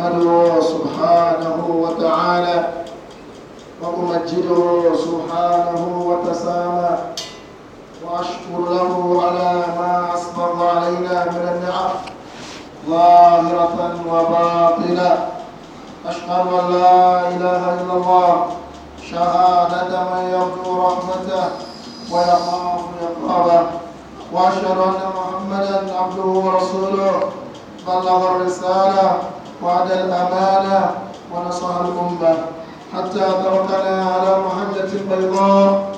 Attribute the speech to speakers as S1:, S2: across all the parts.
S1: أحمده سبحانه وتعالى وأمجده سبحانه وتسامى وأشكر له على ما أسبغ علينا من النعم ظاهرة وباطنة أشهد أن لا إله إلا الله شهادة من يرجو رحمته ويخاف عقابه وأشهد أن محمدا عبده ورسوله بلغ الرسالة وعد الأمانة ونصر الأمة حتى تركنا على محجة بيضاء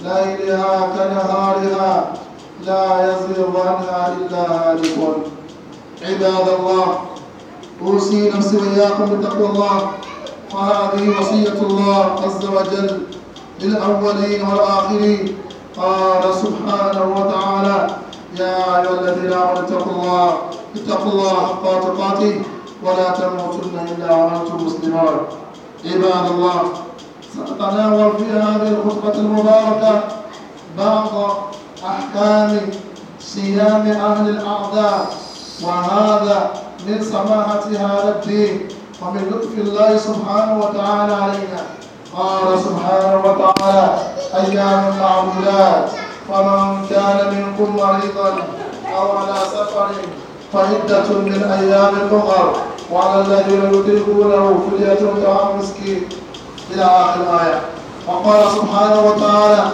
S1: ليلها كنهارها لا يزيغ عنها إلا هالك عباد الله أوصي نفسي وإياكم بتقوى الله وهذه وصية الله عز وجل للأولين والآخرين قال سبحانه وتعالى يا أيها الذين آمنوا اتقوا الله اتقوا الله حق تقاته ولا تموتن إلا وأنتم مسلمون عباد الله سنتناول في هذه الخطبة المباركة بعض أحكام صيام أهل الأعداء وهذا من سماحة هذا الدين ومن لطف الله سبحانه وتعالى علينا قال سبحانه وتعالى أيام معدودات فمن كان منكم مريضا أو على سفر فعدة من أيام أخر وعلى الذين يطيقونه فدية طعام مسكين إلى آخر الآية وقال سبحانه وتعالى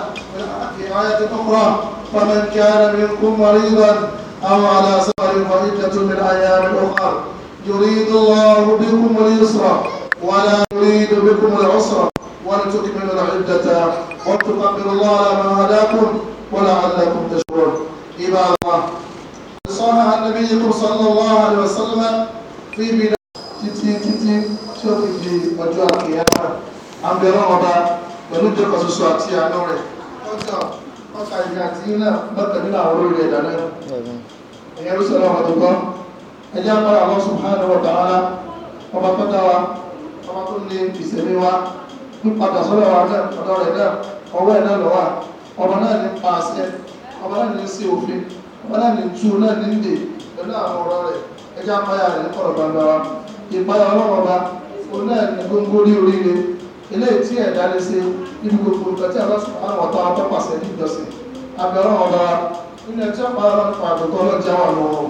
S1: في آية أخرى فمن كان منكم مريضا أو على سفر فعدة من أيام أخر يريد الله بكم اليسر ولا يريد بكم العسر ولتكملوا العدة وتقبلوا الله على ما هداكم ولعلكم تشكرون عباد الله صلى على نبيكم صلى الله عليه وسلم في بلاد títí títí tí ó fi di ọjọ́ àkèyàmà àbẹ̀rún ọba pẹ̀lú ìjọba ṣoṣo àti àánú rẹ̀ ọkà ìyá àti iná lọ́kàn nínú àwọn olórí ẹ̀dá náà ẹ̀yẹ ló sọ̀rọ̀ ọ̀rọ̀ tó gbọ́ ẹjẹ́ apára àwọn subhanahu wa ta'ala ọba tó dá wa ọba tó ní ìsẹ̀mí wa ń padà sọ́dọ̀ wa náà ọ̀dọ̀ rẹ̀ náà ọwọ́ wọ́n náà lè tú náà nílé pẹ̀lú àwọn ọ̀rọ̀ rẹ̀ ẹjá páyà rẹ̀ kọ̀rọ̀ gbangba wa ìpáyà ọlọ́wọ́ bá ó náà ní gbogbo orí oríire ilé tí ẹ̀dá lè ṣe níbi gbogbo nǹkan tí àwọn àwọn ọ̀tá ọjọ́ pàṣẹ ní ìjọsìn abẹ ọlọ́wọ́ bá nínú ẹjọ́ páyà ọlọ́pàá àdùkọ́ ọlọ́jà wà lọ́wọ́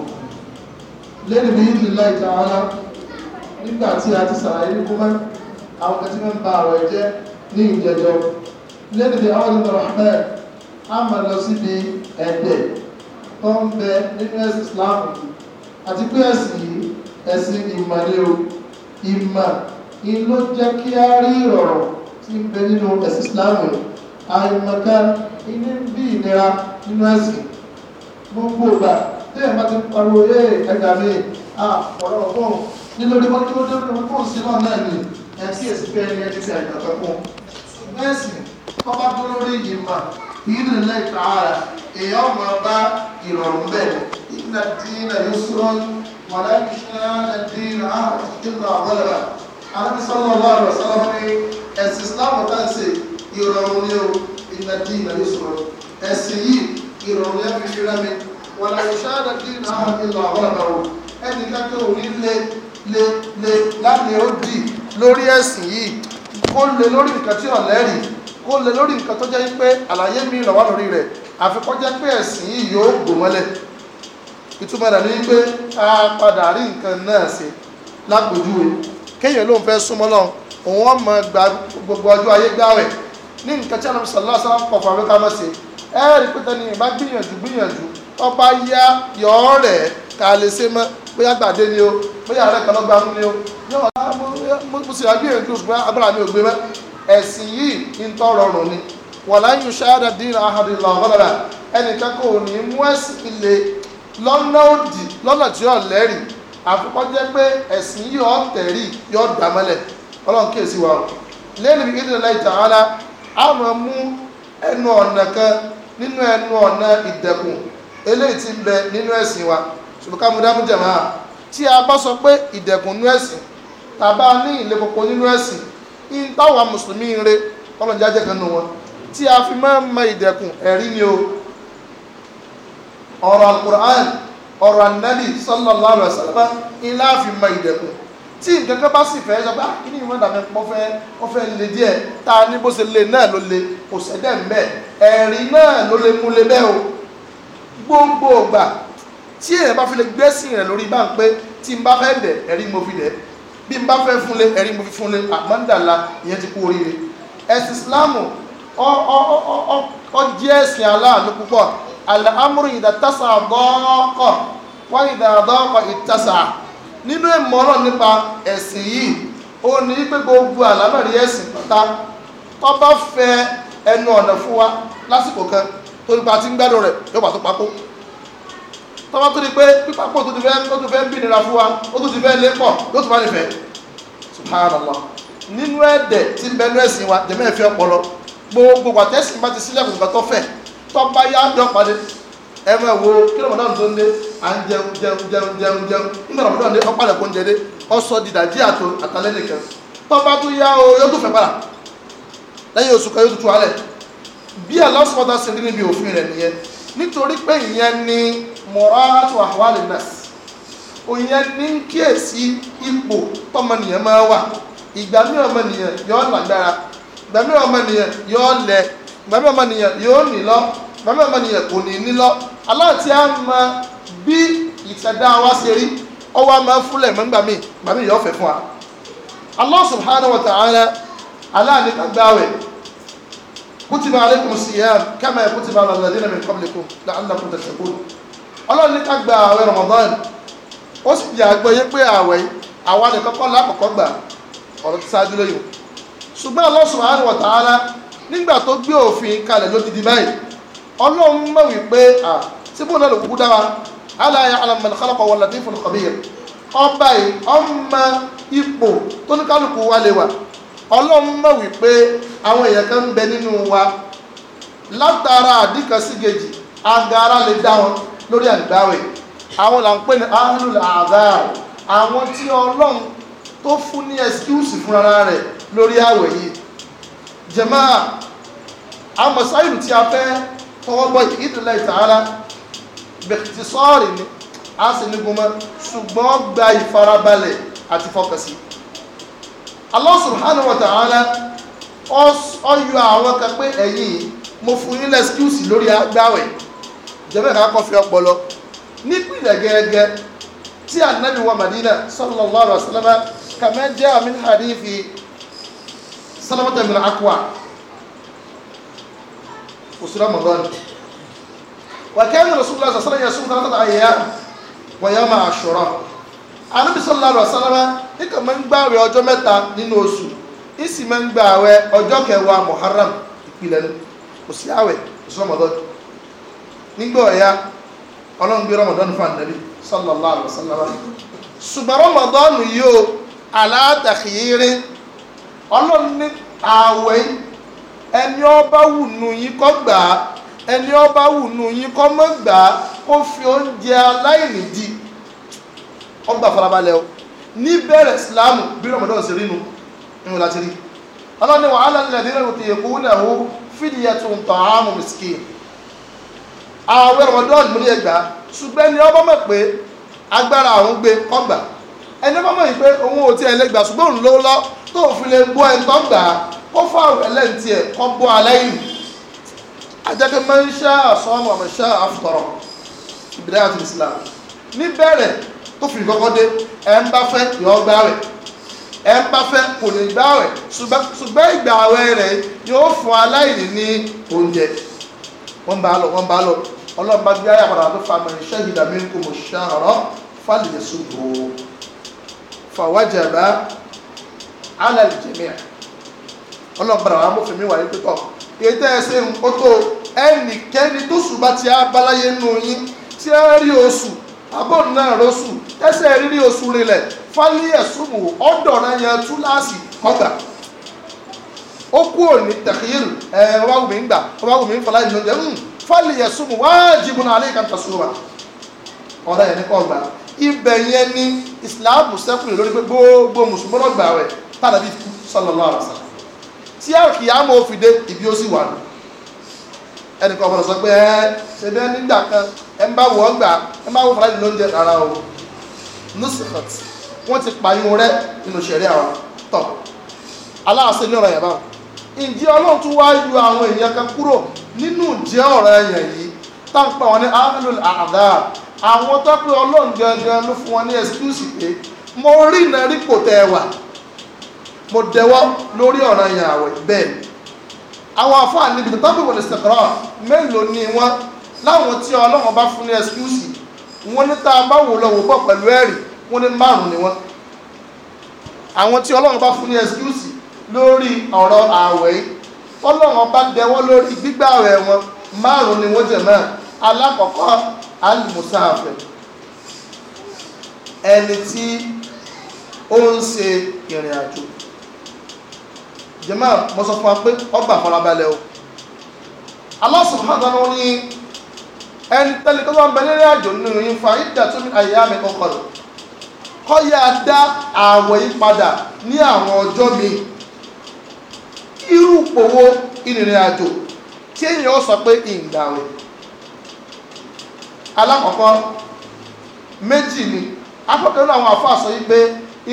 S1: lẹ́nu bí ìlú láì ta ara nígbà tí a ti sàlàyé ní kúmọ́ àwọn kan tí wọ́n ń ba àwọ̀ ẹ̀jẹ̀ ní ìjẹjọ lẹ́nu bí ẹ̀dẹ̀ tó ń bẹ nínú ẹ̀sìn Islam àti pé ẹ̀sìn yìí ẹ̀sìn ìmọ̀lẹ́ o ìmọ̀ in ló jẹ́ kí a rí ìrọ̀rọ̀ tí ń bẹ nínú ẹ̀sìn Islam rẹ̀ àìmọ̀kan inú bí ìnira nínú ẹ̀sìn gbogbo ìgbà tí ẹ̀ bá ti pariwo yé ẹ̀gà mi ọ̀rọ̀ ọ̀gbọ́n nílòdì wọn tí ó dé lórí fún sí náà náà ni ẹ̀ sí èsì pé ẹni ẹni ti àìmọ̀kan kún ṣùgbọ́n ìdílé lẹ́yìn tààrà èèyàn máa bá ìrọ̀rùn bẹ́ẹ̀ ìdílé dínà yóò sọ́ọ́ wàlá ìṣúná dínà ìdílé àwọ̀lẹ̀bà alábísọ́lọ́ ọlọ́rọ̀ sọ́lọ́ pé ẹ̀sìn Islam tàǹsì ìrọ̀rùn ni ó ìdílé dínà yóò sọ́ọ́ ẹ̀sìn yìí ìrọ̀rùn yẹn fi ṣíra mi wàlá ìṣúná dínà ìdílé àwọ̀lẹ̀bà ẹnì kankan ò ní lé lé lé láti ó dì lórí ẹ̀sìn yìí ó lé lórí nǹkan ọ̀lẹ́rìí kó lè lórí nǹkan tó jẹ́ pé àlàyé mi lọ́wọ́ lórí rẹ̀ àfikọ́ jẹ́ pé ẹ̀sìn yìí yóò gbò mọ́lẹ̀ ìtumọ̀ rẹ̀ ní pé a padà rí nǹkan náà ṣe lápòjúwe kéèyàn ló ń fẹ́ súnmọ́ lọ́n òun wọ́n mọ gbogbo ọjọ́ ayé gbáwẹ̀ ní nǹkan tí alamisa lásán pọ̀ fún abẹ́ká mọ́ sí ẹ rí pé tẹni ìbá gbìyànjú gbìyànjú ọba yá yọ ọ́ rẹ̀ ká lè ṣe mọ́ bóyá gbàdé ni o bóyá ààrẹ kan lọ́gbàmú ni o yọ mo sì rágbìyànjú ṣùgbọ́n agbára mi ò gbé mọ́ ẹ̀sìn yìí ń tọ́ rọrùn ni wàlá yóò ṣáàdà dín ahadìlá ọ̀gọ́dọ̀dà ẹnìkan kò ní mú ẹ̀sìn ilé lọ́nà òdì lọ́nà tí yóò lẹ́rìí àfikọ́ jẹ́ pé ẹ̀sìn yìí ọ̀ tẹ̀rí yóò dàmọ́lẹ̀ ọlọ́run kíyèsí wa lẹ́nu bí ìdílé láì tààlà a máa mú ẹnu ọ̀nà kan nínú ẹnu ọ̀nà ìdẹ̀kùn eléyìí ti ń bẹ nínú ẹ̀sìn wa ṣùgbọ́n mo dábùjẹ̀ máa tí a bá sọ pé ìdẹ̀kùn nínú ẹ̀sìn tàbá ní ìlẹ́kọ̀ọ́ nínú ẹ̀sìn in táwọn mùsùlùmí ń re ọlọ́run jájẹ́ kan nù wọn tí a fi máa ń mọ ìdẹ̀kùn ẹ̀rí ni o ọ̀rọ̀ alukur'an ọ̀rọ̀ anabi sallallahu alaihi wasallam ilá fi mọ ìdẹ̀kùn tí nǹkan kan bá sì fẹ́ sọ pé ah kí ni ìwọ́n dàbẹ̀ pọ́ fẹ́ wọ́n fẹ́ le díẹ̀ tá a ní bó ṣe le náà ló le kò sẹ́dẹ̀ mbẹ́ ẹ̀rí náà ló le mú le bẹ́ẹ̀ o gbogbo ògbà tí èèyàn bá fi lè gbẹ́sìn rẹ̀ lórí bá ń pé tí n bá fẹ́ dẹ̀ ẹ̀rí mo fi dẹ̀ bí n bá fẹ́ fúnlé ẹ̀rí mo fi fúnlé àmọ́ndàlá ah, ìyẹn ti kú oríire islamu ọ jẹ́ ẹ̀sìn aláàánú púpọ̀ alhamdu ìdàtàsà dọ́ọ̀kọ̀ wọ́n ìdàdọ́ọ̀kọ̀ ìtàsà nínú ìmọ̀ nípa ẹ̀sìn yìí ó ní pé gbogbo àlámọ̀rí ẹ̀sìn pátá tó bá fẹ́ ẹnu ọ̀nà fún wa lásìkò kan torípa tí ń tọ́wọ́ tó di pé pípapọ̀ tó ti fẹ́ ó ti fẹ́ bí nira fún wa ó tó ti fẹ́ lé pọ̀ ló tó bá lè fẹ́ subhanallah nínú ẹ̀dẹ̀ tí ń bẹ nú ẹ̀sìn wa jẹ́mẹ́ ẹ̀fẹ́ ọpọlọ gbogbo àtẹ́sìn bá ti sílẹ̀ kò nǹkan tó fẹ́ tọ́ba yá jọ padì ẹ mọ̀ wo kí Ramadan tó ń dé à ń jẹun jẹun jẹun jẹun jẹun nígbà Ramadan dé ọpàlẹ̀ kó ń jẹ dé ọsọ dìdàjí àtò àtàlẹ́nìkan tọ́ba tó yá o yóò tó fẹ́ padà lẹ́yìn oṣù kan yóò tutù alẹ̀ bí Allah subhanahu wa ta'ala níbi òfin rẹ̀ nìyẹn nítorí pé ìyẹn ni mọ̀rọ́tù àwálì nas òyìn ní kíyèsí ipò tọmọnìyàn máa wà ìgbà mí ọmọnìyàn yóò lágbára ìgbà mí ọmọnìyàn yóò lẹ ìgbà mí ọmọnìyàn yóò nílọ ìgbà mí ọmọnìyàn kò ní nílọ aláàtí á mọ bí ìtẹ̀dá wa ṣe rí ọwọ́ a máa fúnlẹ̀ mọ́ngbà mí ìgbà yóò fẹ́ fún wa Allah subhanahu wa ta'ala aláàní kàgbáwẹ̀ kutiba alaykum siyam kama kutiba ala alladhina min qablikum la'allakum tattaqun ọlọ́run ní ká gba àwẹ̀ Ramadan ó sì jẹ́ àgbẹ̀yẹ pé àwẹ̀ àwa nìkan kọ́ lákọ̀ọ́kọ́ gbà ọ̀rọ̀ ti ṣáájú lóyún ṣùgbọ́n Allah subhanahu wa ta'ala nígbà tó gbé òfin kalẹ̀ lódìdí báyìí ọlọ́run mọ̀ wípé à síbò náà ló kúkú dá wa ala ya'lamu man khalaqa wal latiful khabir ọba yìí ọmọ ipò tó wa lè wà ọlọ́run mọ̀ wípé àwọn èèyàn kan ń bẹ nínú wa látara àdìkàsígejì agara lè dá wọn lórí àdáwẹ̀ àwọn là ń pè ní ahlul adhar àwọn tí ọlọ́run tó fún ní ẹsikúùsì fúnra rẹ̀ lórí àwẹ̀ yìí jẹ̀má àmọ̀ sáyìlù tí a fẹ́ tọwọ́gbọ́ ìdílé ta'ala bẹ̀tì sọ́ọ̀rì ni a sì ní gbọmọ ṣùgbọ́n gba ìfarabalẹ̀ àti fọkàsí Allah subhanahu wa ta'ala ó yọ àwọn kan pé ẹ̀yin mo fún yín lẹ́sikúùsì lórí àgbáwẹ̀ jẹ́bẹ́ ká kọ́ fi ọpọlọ nípìnlẹ̀ gẹ́gẹ́ tí anabi wa madina sallallahu alaihi wa sallam kàmẹ́ jẹ́ amin hadithi salamata min akwa oṣù ramadan wa kana rasulullah sallallahu alaihi wa sallam yasum thalathata ayyam wa yawma ashura anabi sallallahu alaihi wa sallam ní kàmẹ́ ń gbààwẹ̀ ọjọ́ mẹ́ta nínú oṣù ìsì máa ń gbààwẹ̀ ọjọ́ kẹwàá muharram ìpìlẹ̀ ní àwẹ̀ oṣù ramadan nígbà ọ̀yá ọlọ́run gbé ramadan fún ànàbí sallallahu alaihi wasallam ṣùgbọ́n ramadan yóò alátàkìyírí ọlọ́run ní ààwẹ̀ ẹni ọba wù nù yín kó gbà á ẹni ọba wù nù yín kó má gbà á kó fi oúnjẹ aláìní di ọgbà farabalẹ̀ o ní bẹ̀rẹ̀ islam bí ramadan ṣe rí nu ìwọ̀n láti rí ọlọ́run ní wàhálà nílẹ̀ nílẹ̀ òtí èkó àwẹ̀ rọ̀mọdún múlẹ̀ ẹgbà ṣùgbọ́n ẹni ọmọ mọ̀ pé agbára àwọn gbé kọ́gbà ẹni ọmọ mọ̀ yìí pé òun ò tiẹ̀ lè gbà ṣùgbọ́n òun ló lọ tó fi lè bọ́ ẹni tó gbà kó fún àwẹ̀ lẹ́ǹtì ẹ̀ kọ́ bọ́ alẹ́ yìí ajẹ́kẹ́ máa ń ṣá àsọ́mọ̀ àmọ́ ṣá àfùtọ̀rọ̀ ìbílẹ̀ àti Islam níbẹ̀rẹ̀ tó fi kọ́kọ́ dé ẹ̀ ń bá fẹ́ yọ ọgbà rẹ̀ ẹ̀ ń bá fẹ́ kò ní gbà rẹ̀ ṣùgbọ́n ìgbà rẹ̀ yóò fún aláìní ní oúnjẹ wọ́n bá lọ wọ́n bá lọ ọlọ́ọ̀bá gbé ayé àpàdà tó fa mẹ́rin ṣẹ́hìdà mi kò mọ̀ ṣàárọ̀ fàlẹ̀ ṣubú fàwájàbá alàlìjẹ̀míà ọlọ́ọ̀bàdà wà mọ́fẹ́ mi wà ní pípọ̀ ètò ẹ̀sìn ó tó ẹnikẹ́ni tó sùn bá ti abáláyé nù yín tí ẹ rí oṣù abọ́ náà rọ́ṣù ẹsẹ̀ rírí oṣù rinlẹ̀ fálíyẹ̀ súnmù ọ̀dọ̀ náà yẹn túláàsì kọ́gbà ó kú òní tẹ̀kíyìrì ẹ̀ wá wù mí ń gbà wá wù mí ń fọlá ìjọba fọ́lìyẹ̀ súnmù wájìbù náà alẹ́ ìkàtà súnmù ọ̀dá yẹn nípa ọgbà ibẹ̀ yẹn ní ìsìláàmù sẹ́kùnrin lórí pé gbogbo mùsùlùmí lọ́gbà rẹ̀ tàbí bí sallallahu alaihi wasallam tí a kì í á mọ̀ òfìdé ibi ó sì wà ní ẹnì kan ọ̀pọ̀lọpọ̀ sọ pé ẹ ṣe bẹ́ẹ̀ nígbà kan ẹ ń bá wọ̀ ọgbà ẹ má wọ fúlájì lóúnjẹ rárá o nusifat wọ́n ti pààyàn rẹ nínú ṣẹ̀rí àwọn tọ̀ aláàṣẹ ní ọ̀rọ̀ yẹn báwọn ǹjẹ́ ọlọ́run tún wá yọ àwọn èèyàn kan kúrò nínú ìjẹ́ ọ̀rọ̀ ẹ̀yàn yìí táǹpà wọn ní ahlul adab àwọn tó pé ọlọ́run gangan ló fún wọn ní ẹ̀sìkúsì pé mo rí iná rí kò tẹ́ ẹ wà mo dẹwọ́ lórí ọ̀rọ̀ ẹ̀yàn àwẹ̀ bẹ́ẹ̀ àwọn afáà níbi tó tábìlì wọlé sẹ̀kọ́rọ̀ mélòó ni wọ́n láwọn tí ọlọ́run bá fún ní ẹ̀sìkúsì wọ́n ní tá a bá wò lọ́wọ́ pọ̀ pẹ̀lú ẹ̀rí wọ́n ní márùn-ún ni wọ́n àwọn tí ọlọ́run bá fún ní ẹ̀sìkúsì lórí ọ̀rọ̀ ààwẹ̀ yìí ọlọ́run bá dẹwọ́ lórí gbígbààwẹ̀ wọn márùn-ún ni wọ́n jẹ̀ náà alákọ̀ọ́kọ́ alimusafir ẹni tí ó ń ṣe ìrìn àjò jẹ́mọ́ mo sọ fún wa pé ọgbà farabalẹ̀ o Allah subhanahu wa ní ẹni tẹ́lẹ̀ tó bá ń bẹ lórí àjò nínú yín fa ìdá tó ní àyè àmì kọkọrọ kọ́ yá dá àwẹ̀ yí padà ní àwọn ọjọ́ míì irú pòwó ìrìnrìn àjò tí èyàn ó sọ pé ìgbàwẹ̀ alákọ̀ọ́kọ́ méjì ni afọ́kẹ́lú àwọn àfáà sọ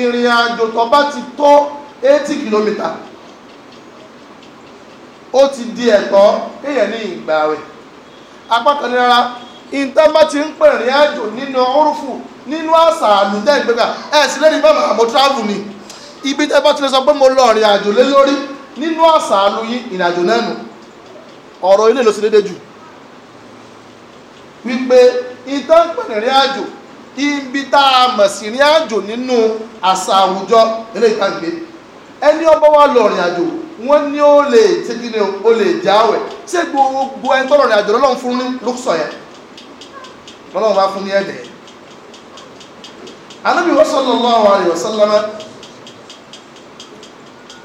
S1: ìrìn àjò tó bá ti tó 80 km ó ti di ẹ̀tọ́ èyàn ní ìgbàwẹ̀ apákan ní rárá bá ti ń pè rìn àjò nínú orúfù nínú àṣà àmọ́ travel ni ibi tẹ́ bá ti lè sọ pé mo lọ rìn àjò lé lórí nínú àṣà alóyí ìrìnàjò náà nù ọ̀rọ̀ ilé ló sì dédé jù wípé ìtànpẹ̀lẹ̀ rí àjò ibi tá a mọ̀ sí rí àjò nínú àṣà àwùjọ ilé ìtàgbé ẹni ọba wa lọ rìn àjò wọn ní ó lè tẹ́jú ní o lè jáwẹ̀ ṣé gbogbo ẹni tọ́lọ̀ rìn àjò lọ́lọ́run fún ní ló sọ yẹn lọ́lọ́run bá fún ní ẹ̀dẹ̀ anábì sallallahu alaihi wasallam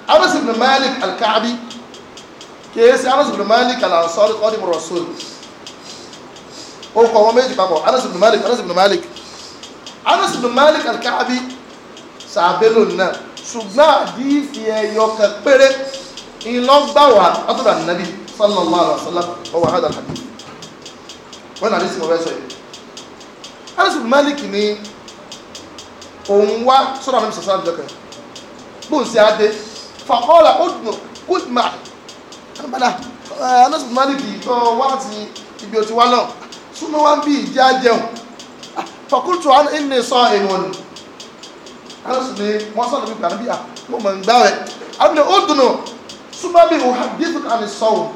S1: anas ibn malik alkaabi kìí ṣe anas ibn malik alansori kọ́dìmù rasul ó kọ́ wọn méjì papọ̀ anas ibn malik anas ibn malik anas ibn malik alkaabi sàbẹ̀lò náà ṣùgbọ́n àdìsí ẹ̀yọ kan péré ìlọ́gbàwà látọ̀dọ̀ ànábì sallallahu alaihi wasallam ọwọ́ àhádà hadith wọ́n náà lẹ́sìn ọ̀rẹ́ sọ yìí anas ibn malik ni òun wá sọ́dọ̀ ànábì sallallahu alaihi wasallam bóun adé fàkọ́ọ̀là ọdún kùtùmá padà anas maliki tó wá àti ibi òtí wá náà súnmọ́ wá ń bí ìjẹ́ àjẹun fàkúrútù ẹni sọ èèwọ̀n ni anas ni wọ́n sọ̀rọ̀ bí gbà níbi à mo mọ̀ ń gbá rẹ̀ àbúrò ọdún súnmọ́ bí òhà dídùn àmì sọ̀rọ̀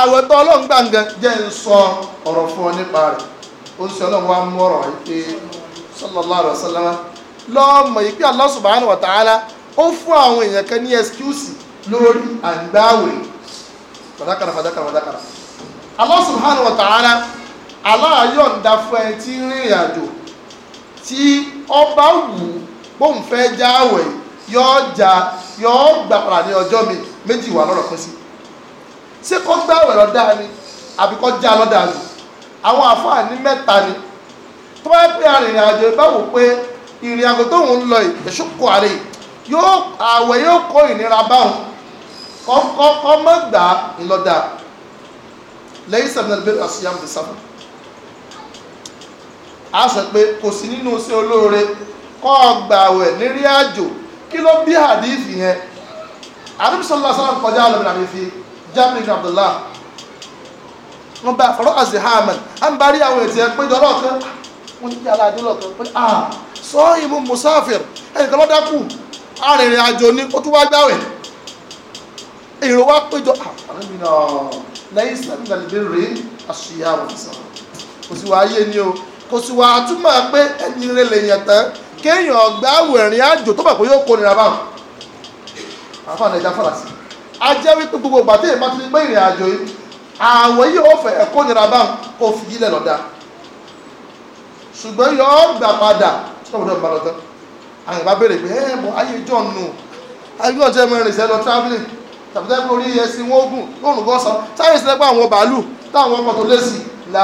S1: àwẹ̀ tó ọlọ́run gbàǹgàn jẹ́ ń sọ ọ̀rọ̀ fún ọ nípa rẹ̀ ó ń sọ ọlọ́run wá mú ọ̀rọ̀ yìí pé sallallahu alaihi wasallam lọ́mọ yìí pé Allah subhanahu wa ta'ala ó fún àwọn èèyàn kan ní lori lórí àgbáwẹ̀ fàdákàrà fàdákàrà fàdákàrà Allah subhanahu wa ta'ala aláàyọ̀ǹda fún ẹ tí ń rìnrìn àjò tí ọba wù bóun fẹ́ jáwẹ̀ yọ́ ja yọ́ gbàpàrà ní ọjọ́ mi méjì wà lọ́rọ̀ pín sí ṣé kó gbàwẹ̀ lọ́dà ni àbí kó já lọ́dà ni àwọn àfáàní mẹ́ta ni tó bá pẹ́ arìnrìn àjò ìbáwò pé ìrìn àjò tóun lọ ìṣókò àrè yóò àwẹ̀ yóò kó ìnira báwọn kọ́kọ́ mọ́ gbà ńlọ́dà lẹ́yìn sẹ́mìnà bẹ́ẹ̀ àṣìyàn ti sábà a sọ pé kò sí nínú sí olóore kọ́ gbàwẹ̀ lérí àjò kí ló bí àdífì yẹn àdúgbòsọ́lá sábà kọjá lọ́mìnà mi fi Jabir bin Abdullah wọ́n bá fọ́rọ́ azihaman a ń bá rí àwọn ètò ẹ̀ péjọ lọ́ọ̀kan wọ́n ti yàrá àdúlọ̀kan pé ah sọ ìmú musafir ẹnìkan lọ́dákù arìnrìn àjò ní kó tún wá gbáwẹ̀ èrò wá péjọ àrẹ́mìnà ah, lẹ́yìn ìsìnkú lè rí àṣìyà òfìsàn kò sí wàá yé ni o kò sí wàá túmọ̀ pé ẹni rẹ̀ lè yàn tán kéèyàn gbáwẹ̀ rìn àjò tó bà pé yóò kó nira báwọn àfààní ẹja fàlàsì a jẹ́ wípé gbogbo ìgbà tí èèyàn bá ti gbé ìrìn àjò yìí àwọ̀ yìí ó fẹ́ kó nira báwọn kó fi yílẹ̀ lọ́dà ṣùgbọ́n yọ ọ́ gbà padà tó àwọn ìbá béèrè pé ẹ mọ ayé john nù ayé john jẹ́ mẹ́rin ìṣẹ́ lọ travelling tàbí tẹ́lẹ̀ orí ẹsìn wọn ogun lóòrùn gọ́sán sáré ìṣẹ́lẹ̀ pé àwọn bàálù táwọn ọkọ̀ tó lé sí là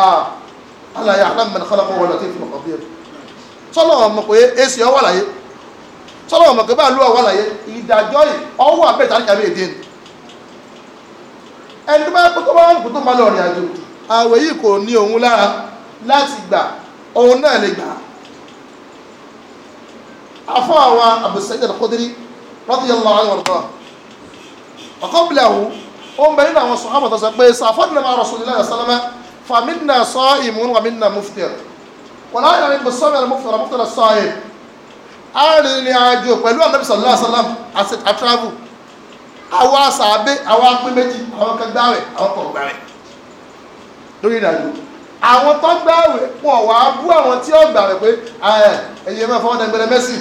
S1: alàyè alámọ̀nà kọ́lọ́kọ́ wọlé tó fi mọ̀kàn bí ẹ sọ́lọ́ ọmọ pé èsì ọwọ́ àlàyé sọ́lọ́ ọmọ pé bàálù ọwọ́ àlàyé ìdájọ́ ọwọ́ abẹ́ ìtàrí kàmí èdè ni ẹni tó bá kó tó bá ń kó tó máa lọ rìn àjò àwẹ̀ yìí kò ní òun lára láti gbà òun náà lè gbà á afọ́wà Abu Sa'id al-Khudri radiyallahu anhu ọ̀rọ̀ ọ̀kọ́bìlẹ̀hù ó ń bẹ nínú àwọn sọ̀hábà tó sọ pé sàfọ́dìlẹ̀ máa Rasulullah sọ́lọ́mẹ́ fàmínà sa'imun wà mínà muftir wọ́n láyé rìn bùsọ́mì al-muftir muftir sa'im arìnrìn àjò pẹ̀lú Ànábì sallallahu alaihi wasallam àti àtravel àwọn asàbẹ́ àwọn apẹ́ méjì àwọn kan gbáwẹ̀ àwọn kan gbáwẹ̀ lórí ìrìnàjò àwọn tó gbààwẹ̀ wọn wà á bú àwọn tí ó gbààwẹ̀ pé ẹ̀yẹ máa fọwọ́ dẹgbẹ̀rẹ̀ mẹ́sì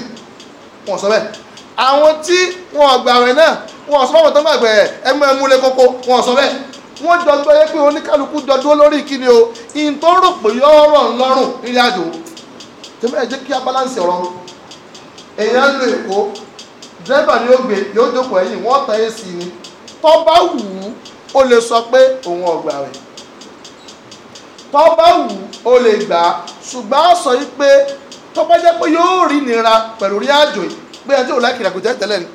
S1: wọn sọ bẹ́ẹ̀ àwọn tí wọn gbààwẹ̀ náà wọn sọ fọwọ́ tó gbàgbẹ̀ ẹgbẹ́ múlẹ̀ kókó wọn sọ bẹ́ẹ̀ wọ́n jọ gbé pé oníkálukú jọ dúró lórí kíni o ìyìn tó rò pé yọ̀ọ̀rọ̀ a balance ọ̀rọ̀ wọn èèyàn lo èkó dẹ́rẹ́bà ni ó gbé yóò jókòó ẹ̀yìn wọ́n tan èsì ni tó bá wù ú ó lè sọ pé òun ò gbààwẹ̀ tó bá wù ó lè gbà á ṣùgbọ́n a sọ yìí pé tó bá jẹ́ pé yóò rí nira pẹ̀lú rí àjò yìí pé ẹni tí ò láìkìlà kò tẹ́lẹ̀ tẹ́lẹ̀ ni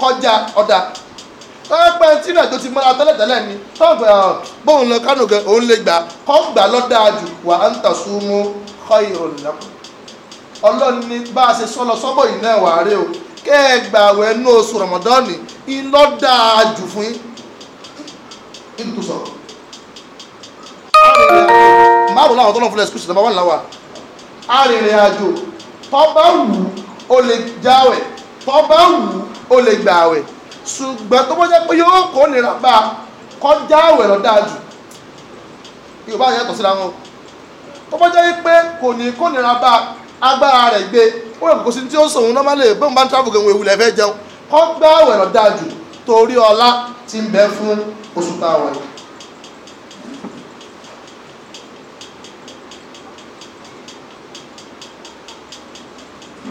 S1: kọjá ọ̀dà tọ́wọ́ pé tí ìrìnàjò ti mọ́ra tẹ́lẹ̀ tẹ́lẹ̀ ni tọ́wọ́ pé ah, bóun lọ kánò gan òun lè gbà kọ́ gbà lọ́dà àjò wà á ń tà súnmú kọ́ ìrọ̀lù lẹ́kùn bá a ṣe sọ́lọ arìnrìn-àjò márùn láwọn tọ́lọ́ fúnlẹ̀ skúùsì nàbà wà láwà arìnrìn-àjò tọ́ba wù ó lè jáwẹ̀ tọ́ba wù ó lè gbàwẹ̀ ṣùgbọ́n tó bá jẹ́ pé yóò kó nira bá a kọjá àwẹ̀ lọ dájú yorùbá yàtọ̀ síra wọn tó bá pé kò ní kó nira bá agbára rẹ̀ gbé ó yẹ kò sí tí ó sòun náà lè bóun bá ń travel gan ewu lẹ́fẹ̀ẹ́ jẹun kọ́ gbá àwẹ̀ lọ dájú torí ọlá tí ń bẹ fún oṣù táwọn yìí.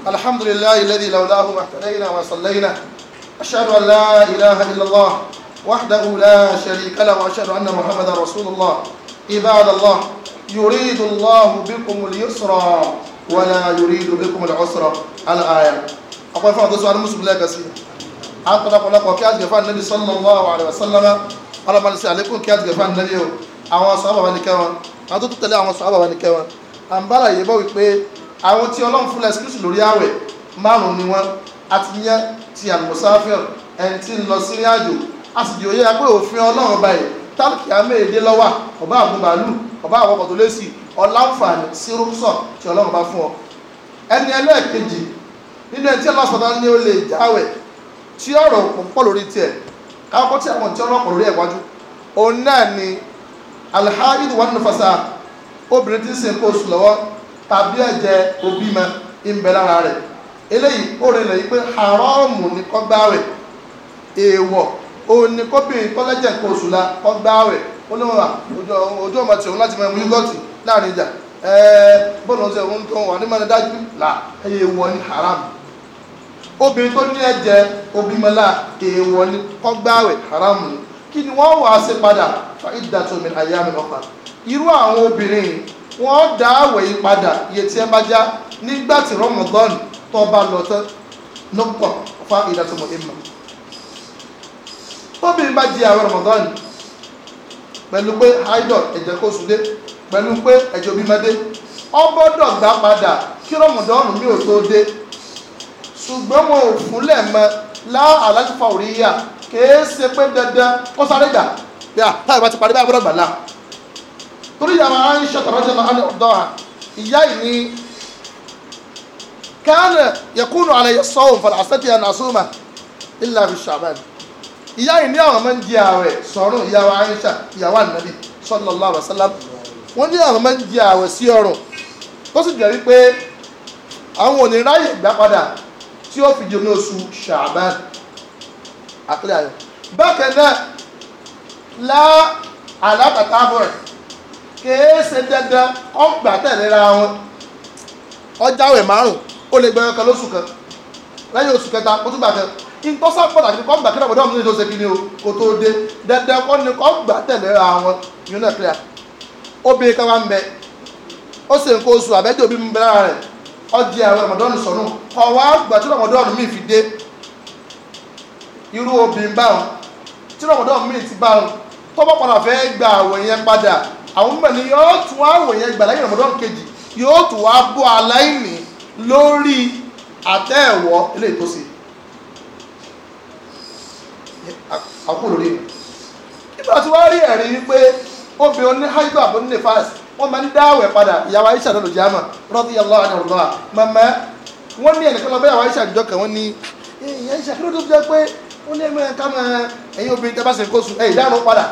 S1: الحمد لله الذي لولاه ما اهتدينا وصلينا أشهد أن لا إله إلا الله وحده لا شريك له وأشهد أن محمدا رسول الله عباد الله يريد الله بكم اليسر ولا يريد بكم العسر الآية أقول فأنا تسوى المسلم لا كثير أقول لك وكاد جفان النبي صلى الله عليه وسلم قال ما نسي عليكم كاد جفان النبي àwọn sọ́bàbà nìkan wọn àwọn tó tó tẹ̀lé àwọn sọ́bàbà nìkan wọn àǹbára àwọn tí ọlọ́run fún lẹ́sìkúsù lórí àwẹ̀ márùn-ún ni wọ́n àti yẹn ti àlùmọ̀sáfíọ̀ ẹni tí ń lọ sí ní àjò a sì di òye pé òfin ọlọ́run ọba yìí tálùkì améèdè lọ́wà ọba àgùn màálù ọba àwọn ọkọ̀ tó lé sí ọláǹfààní sí rúkúsọ̀ tí ọlọ́run bá fún ọ ẹni ẹlẹ́ẹ̀kejì nínú ẹni tí ọlọ́sọ̀tà ní ó lè jáwẹ̀ tí ọ̀rọ̀ pọ̀ lórí tiẹ̀ káwọ́ tí àwọn tí ọlọ́pọ̀ lórí ẹ̀wájú òun náà ni alhaidu wa nufasa obìnrin tí ń sin kóòsù lọ́wọ́ tàbí ẹ̀jẹ̀ òbí mọ ń bẹ lára rẹ̀ eléyìí ó rìnlẹ̀ haramu ni kó eewo èèwọ̀ ni kóbìnrin oṣù la kó gbààwẹ̀ ó ní wà ojú ọmọ tí òun láti mọ yúgọ́ọ̀tì láàrin ìjà bọ́ọ̀lù ọ̀sẹ̀ òun tó wà ní dájú là èèwọ̀ ni haram obìnrin tó ní ẹ̀jẹ̀ la èèwọ̀ ni kó haram ni kí ni wọ́n wàá padà fa wọ́n dá àwẹ̀ yìí padà iye tí ẹ bá já nígbà tí rọmọdọ́nù tó bá lọ tán ló pọ̀ fá ìdàtọ̀mọ̀ ìmọ̀ tóbìnrin bá di àwẹ̀ rọmọdọ́nù pẹ̀lú pé haidọ̀ ẹ̀jẹ̀ kó sùdé pẹ̀lú pé ẹ̀jẹ̀ omi mẹ́dé ó gbọ́dọ̀ gbà padà kí rọmọdọ́nù mi ò tó dé ṣùgbọ́n wọn ò fúnlẹ̀ mọ́ lá àlájúfà òríyà kèé ṣe pé dandan kó sáré gbà bí a táyà bá ti parí bá a gbọ́dọ̀ gbà láà torí yàrá Aisha tọ̀rọ̀jẹ̀ lọ́hàn ọ̀dọ́hà ìyá ìní kánà yakunu alayhi sawm fàlàsẹ́tì ẹ̀ nàṣọ́mà illa fi Sha'ban ìyá ìní àwọn máa ń di ààwẹ̀ sọ̀rùn ìyàwó Aisha ìyàwó ànábì sallallahu alaihi wasallam wọ́n ní àwọn máa ń di ààwẹ̀ sí ọrùn tó sì jẹ́ wípé àwọn ò ní ráyè gbà padà tí ó fi di oṣù Sha'ban àkílẹ̀ àyọ̀ bákan náà lá àlátàtà bọ̀rẹ̀ kèé ṣe dandan ọgbà tẹ̀léra wọn ọjàwé márùn ó lè gbẹ̀rẹ̀ kan lóṣù kan lẹ́yìn oṣù kẹta ó tún gbà kan ìtọ́sá pàtàkì ni kọ́gbà kíra bọ̀dọ̀ mi tó ṣe kí ni o kò tó dé dandan kọ́ ni kọ́gbà tẹ̀léra wọn yóò náà clear obìnrin kan wá ń bẹ ó sì ń kó oṣù àbẹ́jọ́ bí ń bẹ lára rẹ̀ ọdí àwọn ọmọdọ́nù sọ̀nù kọ̀ wá gbà tí ọmọdọ́nù mi fi dé irú obìnrin báwọn tí ọmọdọ́nù mi ti báwọn tó bá padà fẹ́ gba àwọ̀ yẹn padà àwọn mímọ̀ ni yóò tún wá wòyẹn gbà lẹ́yìn ọmọdún kejì yóò tún wá bọ́ aláìní lórí àtẹ́ẹ̀wọ́ eléyìí tó ṣe àkókò lórí rẹ̀ nígbà tí wọ́n rí ẹ̀rí wípé obìnrin oní hajj àbò ní nefas wọ́n máa ń dáwẹ̀ padà ìyàwó aisha lọ́dọ̀ jama radiyallahu anha ọ̀dọ́ à màmá wọ́n ní ẹnìkan lọ bẹ́ ìyàwó aisha ìjọ kan wọ́n ní ìyàwó aisha kí ló tó jẹ́ pé ó ní ẹ̀mí ẹ̀ka máa ẹ̀yìn obìnrin tẹ́ bá ṣe kó sùn ẹ̀ ìdáná padà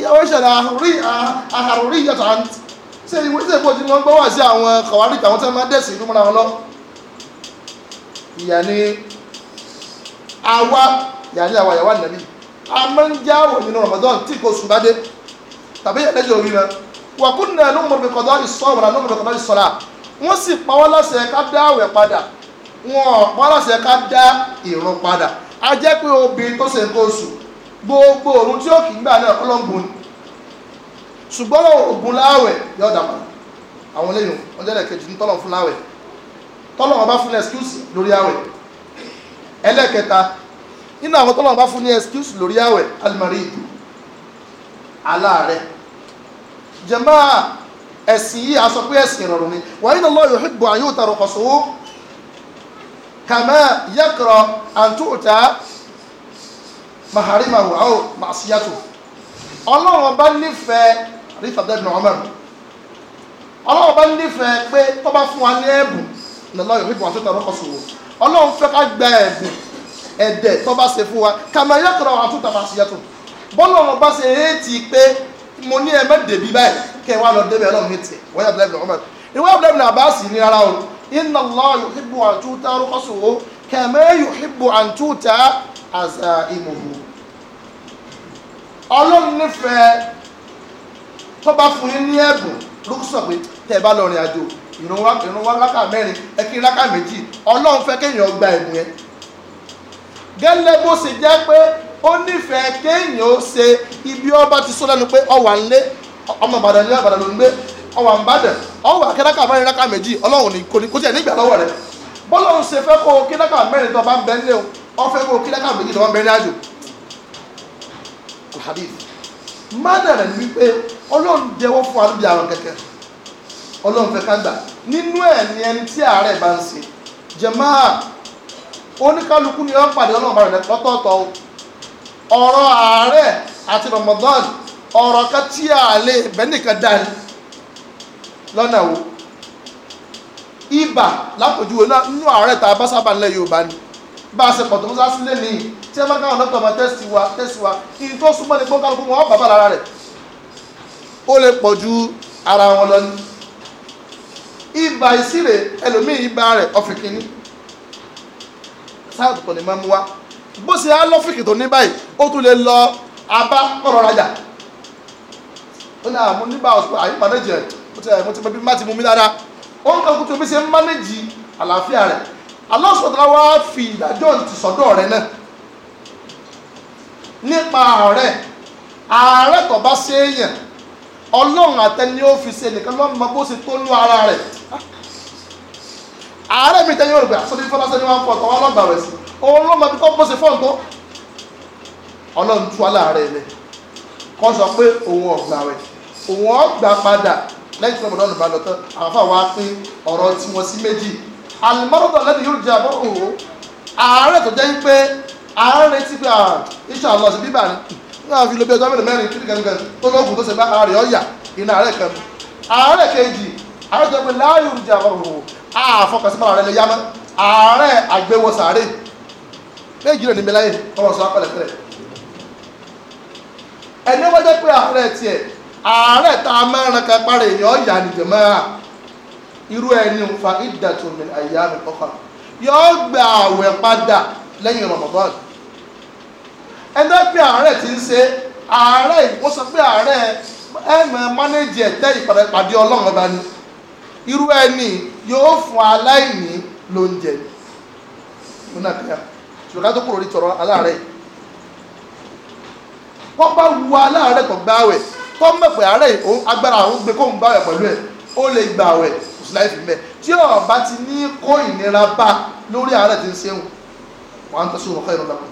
S1: ìyàwó ìṣẹ̀lẹ̀ àhàrùrí ìyàtọ̀ àǹtí ṣe ìwé ṣe ìbò tí wọ́n gbọ́ wà sí àwọn kọ̀wárí tàwọn tẹ́ máa dẹ̀sí inú mọ́ra wọn lọ ìyà ni àwa ìyà ni àwa ìyàwó ànàbí a máa ń já wò nínú Ramadan tí kò sùn bá dé tàbí ìyà lẹ́jọ́ orí rẹ̀ wà kún náà ló mọ̀ bẹ̀kọ̀dọ̀ ìsọ̀rọ̀ ló mọ̀ bẹ̀kọ̀dọ̀ ìsọ̀rà wọ́n sì pawọ́ láṣẹ ká dá àwẹ̀ padà wọ́n pawọ́ láṣẹ ká dá ìrun padà a jẹ́ pé obìnrin tó ṣe nǹkan oṣù gbogbo òun tí ó kì í gbà náà ọlọ́gbọ̀n ni ṣùgbọ́n ògùn láàwẹ̀ yóò dàpọ̀ àwọn eléyìí wọ́n jẹ́lẹ̀ kejì ní tọ́lọ̀ fún láàwẹ̀ tọ́lọ̀ wọn bá fún ní excuse lórí àwẹ̀ ẹlẹ́kẹta nínú àwọn tọ́lọ̀ wọn bá fún ní excuse lórí àwẹ̀ alimari ìdù aláàrẹ jẹ̀má ẹ̀sìn yìí a pé ẹ̀sìn ìrọ̀rùn ni wa inna Allah yuhibbu an yu'ta rukhasuhu kama yakra an maharimahu aw maṣiyatu ọlọ́run ọba nífẹ̀ẹ́ rífàdé ibn Umar ọlọ́run ọba nífẹ̀ẹ́ pé tó bá fún wa ní ẹ̀bùn lọ́lọ́ yóò fipò àtúntò ọ̀rọ̀ kọ̀sùwò ọlọ́run fẹ́ ká gba ẹ̀bùn ẹ̀dẹ̀ tó bá ṣe fún wa kàmá yàtọ̀ àtúntò maṣiyatu bọ́lá ọ̀run ọba ṣe é ti pé mo ní ẹ̀mẹ́ dèbí báyìí kẹ́ wá lọ débẹ̀ ọlọ́run ní tiẹ̀ wọ́n yàtọ̀ ibn ọlọ́run nífẹ̀ẹ́ tó bá fún yín ní ẹ̀bùn pé tẹ́ ẹ bá lọ rìn àjò mẹ́rin ẹ kí méjì ọlọ́run fẹ́ kéèyàn gba ẹ̀bùn yẹn gẹ́lẹ́ jẹ́ pé ó nífẹ̀ẹ́ ibi ọba ti sọ lẹ́nu pé ọwà ńlé ọmọ ìbàdàn ní ìbàdàn ló ń gbé ọwà ń bàdàn ọwà mẹ́rin méjì ọlọ́run ní kò ní kó tiẹ̀ nígbà lọ́wọ́ rẹ̀ habib mánà rẹ̀ ni wípé ọlọ́run jẹ́wọ́ fún wa níbi kẹ̀kẹ́ ọlọ́run fẹ́ ká gbà nínú ẹ̀ ni ẹni tí ààrẹ bá ń ṣe jẹ̀má oníkálukú ni wọ́n pàdé ọlọ́run bàrẹ̀ lọ́tọ̀ọ̀tọ̀ ọ̀rọ̀ ààrẹ àti Ramadan ọ̀rọ̀ kan tí a lè bẹ́nìkan dá ní lọ́nà wo ibà lápòjúwe nínú ààrẹ tá a bá sábà ńlẹ̀ Yorùbá ni bá a ṣe pọ̀ tó mú sásí lé nìyí tí ẹ bá káwọn dọ́kítọ̀ máa tẹ́sì wa tẹ́sì wa kí n tó súnmọ́ ní gbọ́ngàn fún wọn ó bàbá lára rẹ̀ ó lè pọ̀ ju ara wọn lọ ní. ibà ìsírè ẹlòmíì ibà rẹ̀ ọ̀fìnkì ni sáàtù kan ní máa mú wa bó ṣe á lọ́fìnkì tó ní báyìí ó tún lè lọ abá kọ̀rọ̀ rajà ó ní àwọn oníbà ọ̀sùn àyè manager mo ti mọ bí má ti mú mi dáadáa ó ń kọ́ Allah Subhanahu wa fi ìdájọ́ ti sọ́dọ̀ rẹ náà nípa ààrẹ ààrẹ tó bá ṣe é yàn ọlọ́run àtẹni ó fi ṣe nìkan lọ́mọ mọ bó ṣe tó lú ara rẹ̀ ààrẹ mi tẹ́yìn olùgbé àsọdí fọlásọ ni wọ́n fọ ọ̀tọ̀ wọn lọ́gbà rẹ̀ sí òun ló mọ bí kò bó ṣe fọ́ọ̀n tó ọlọ́run tú aláàárẹ̀ rẹ̀ kọ́ sọ pé òun ọ̀gbà rẹ̀ òun ọ̀gbà padà lẹ́yìn tí wọ́n mọ̀ lọ́nà ìbálòtán àwọn afáwọn á pín ọ̀rọ̀ tiwọn sí méjì alimọ́rọ́dọ̀ lẹ́nu yóò jẹ́ àbọ̀ òwò ààrẹ tó jẹ́ pé ààrẹ retí pé iṣẹ́ àlọ́ sí bíbà ni náà fi lo bí ọjọ́ mẹ́rin mẹ́rin kiri gangan tó lọ́gùn tó ṣe bá ààrẹ ọ̀yà iná ààrẹ kan ààrẹ kejì ààrẹ tó jẹ́ pé láàyè yóò jẹ́ àbọ̀ òwò àfọkànsímọ́ ààrẹ lè yá mọ́ ààrẹ àgbẹ̀wò sàárè méjì lónìí mẹ́láyè ọmọ sọ apẹ̀lẹ̀pẹ̀lẹ̀ ẹni wọ́n jẹ́ pé ààrẹ tiẹ̀ ààrẹ tá a mẹ́rin kan parí èèyàn ọ̀yà nìjẹ̀mọ́ irú ẹni fa ìdàtún min ayyamin ukhar yóò gba àwẹ̀ padà lẹ́yìn Ramadan ẹgbẹ́ pé ààrẹ ti ń ṣe ààrẹ ó sọ pé ààrẹ ẹ̀mọ mánéjì ẹ̀tẹ́ ìpàdé ọlọ́run ọba ni irú ẹni yóò fún aláìní lóúnjẹ múnà kíá ṣùgbọ́n ká tó kúrò ní tọrọ aláàrẹ wọ́n bá wu aláàrẹ kọ̀ gbáwẹ̀ tó mọ̀ pé agbára àwọn gbé kóun báwẹ̀ pẹ̀lú ẹ̀ ó lè gbà wẹ̀ kò sí láì fi bẹ́ẹ̀ tí ọba ti ní kó ìnira bá lórí àárẹ̀ tí ń ṣeun wọn á ń tọ́sí òun kọ́ ìrọ̀lá wọn.